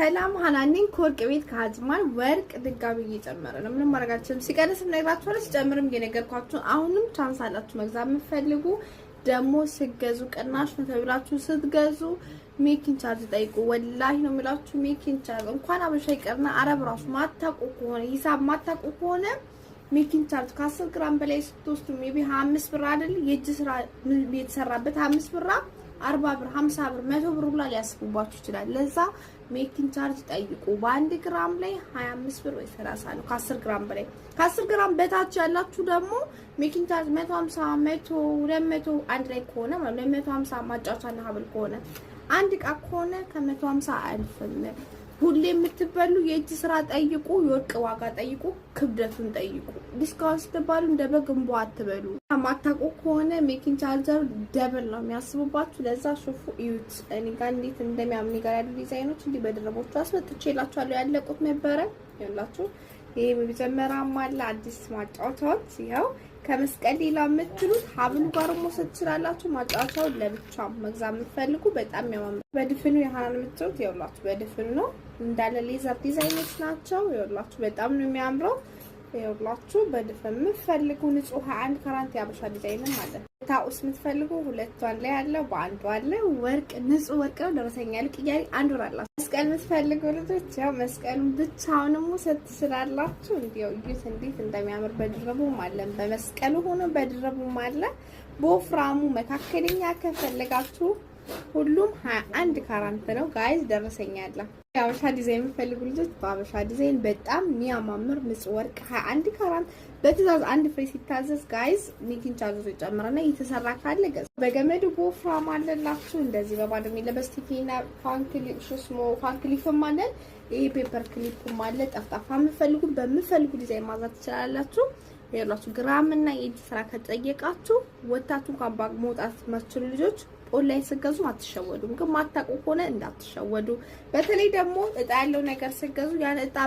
ሰላም ሀናኒን ከወርቅ ቤት ከሀጅማን ወርቅ ድጋሚ እየጨመረ ነው። ምንም ማድረግ አልችልም። ሲቀንስም ነግራችኋለሁ፣ ሲጨምርም እየነገርኳችሁ። አሁንም ቻንስ አላችሁ መግዛት የምትፈልጉ ደግሞ ስገዙ ቅናሽ ነው ተብላችሁ ስትገዙ ሜኪን ቻርጅ ጠይቁ። ወላሂ ነው የሚላችሁ። ሜኪን ቻርጅ እንኳን አበሻ ይቀርና አረብ ራሱ ማታውቁ ከሆነ ሂሳብ ማታውቁ ከሆነ ሜኪን ቻርጅ ከአስር ግራም በላይ ስትወስዱ ሜቢ ሀያ አምስት ብር አይደል የእጅ ስራ የተሰራበት ሀያ አምስት ብራ አርባ ብር ሀምሳ ብር መቶ ብር ሁላ ሊያስቡባችሁ ይችላል። ለዛ ሜኪንግ ቻርጅ ጠይቁ። በአንድ ግራም ላይ ሀያ አምስት ብር ወይ ሰላሳ ነው ከአስር ግራም በላይ ከአስር ግራም በታች ያላችሁ ደግሞ ሜኪንግ ቻርጅ መቶ ሀምሳ መቶ ሁለት መቶ አንድ ላይ ከሆነ ሁለት ሀምሳ ማጫወቻና ሀብል ከሆነ አንድ እቃ ከሆነ ከመቶ ሀምሳ አያልፍም። ሁሌ የምትበሉ የእጅ ስራ ጠይቁ፣ የወርቅ ዋጋ ጠይቁ፣ ክብደቱን ጠይቁ። ዲስካውንት ስትባሉ እንደ በግ እንቦ አትበሉ። ማታቁ ከሆነ ሜኪን ቻርጀር ደብል ነው የሚያስቡባችሁ። ለዛ ሹፉ እዩት። እኔ ጋር እንዴት እንደሚያምን ጋር ያሉ ዲዛይኖች እንዲህ በድረቦቹ አስመጥቼ ላችኋለሁ። ያለቁት ነበረ ያላችሁ ይሄ መጀመሪያም አለ አዲስ ማጫወቻዎች ይኸው ከመስቀል ሌላ የምትሉት ሀብሉ ጋር መውሰድ ትችላላችሁ። ማጫወቻውን ለብቻ መግዛት የምትፈልጉ በጣም ያማምራል። በድፍኑ የሀናን የምትሉት ይኸውላችሁ በድፍኑ ነው እንዳለ ሌዘር ዲዛይኖች ናቸው። ይኸውላችሁ በጣም ነው የሚያምረው። ይኸውላችሁ በድፈን የምትፈልጉ ንጹህ አንድ ከራንት ያበሻ ዲዛይንም አለ። ታውስ የምትፈልጉ ሁለቷን ላይ አለ፣ በአንዷ አለ። ወርቅ ንጹህ ወርቅ ነው። ደረሰኛ ልቅ እያለ አንድ ወር አላችሁ። መስቀል የምትፈልጉ ልጆች ያው መስቀሉን ብቻውንም ውሰት ስላላችሁ እንዲያው እዩት እንዴት እንደሚያምር በድረቡም አለን። በመስቀሉ ሆኖ በድረቡም አለ። በወፍራሙ መካከለኛ ከፈለጋችሁ ሁሉም 21 ካራንት ነው ጋይዝ ደረሰኛ ያለ የአበሻ ዲዛይን የሚፈልጉ ልጆች በአበሻ ዲዛይን በጣም የሚያማምር ንጹህ ወርቅ 21 ካራት በትእዛዝ አንድ ፍሬ ሲታዘዝ ጋይዝ ሜኪን ቻርጅ ይጨምራልና እየተሰራ ካለ ገጽ በገመዱ ቦፍራም አለላችሁ። እንደዚህ በባዶ የሚለበስ ቲኬና ፋንክሊፍም አለን። ይሄ ፔፐር ክሊፕም አለ። ጠፍጣፋ የምፈልጉ በምፈልጉ ዲዛይን ማዛት ትችላላችሁ። ያሏችሁ ግራም እና የእጅ ስራ ከጠየቃችሁ ወታችሁ ካምባ መውጣት መችሉ ልጆች ኦንላይን ስገዙ አትሸወዱም። ግን ማታውቁ ከሆነ እንዳትሸወዱ። በተለይ ደግሞ ደግሞ እጣ ያለው ነገር ስገዙ ያን እጣ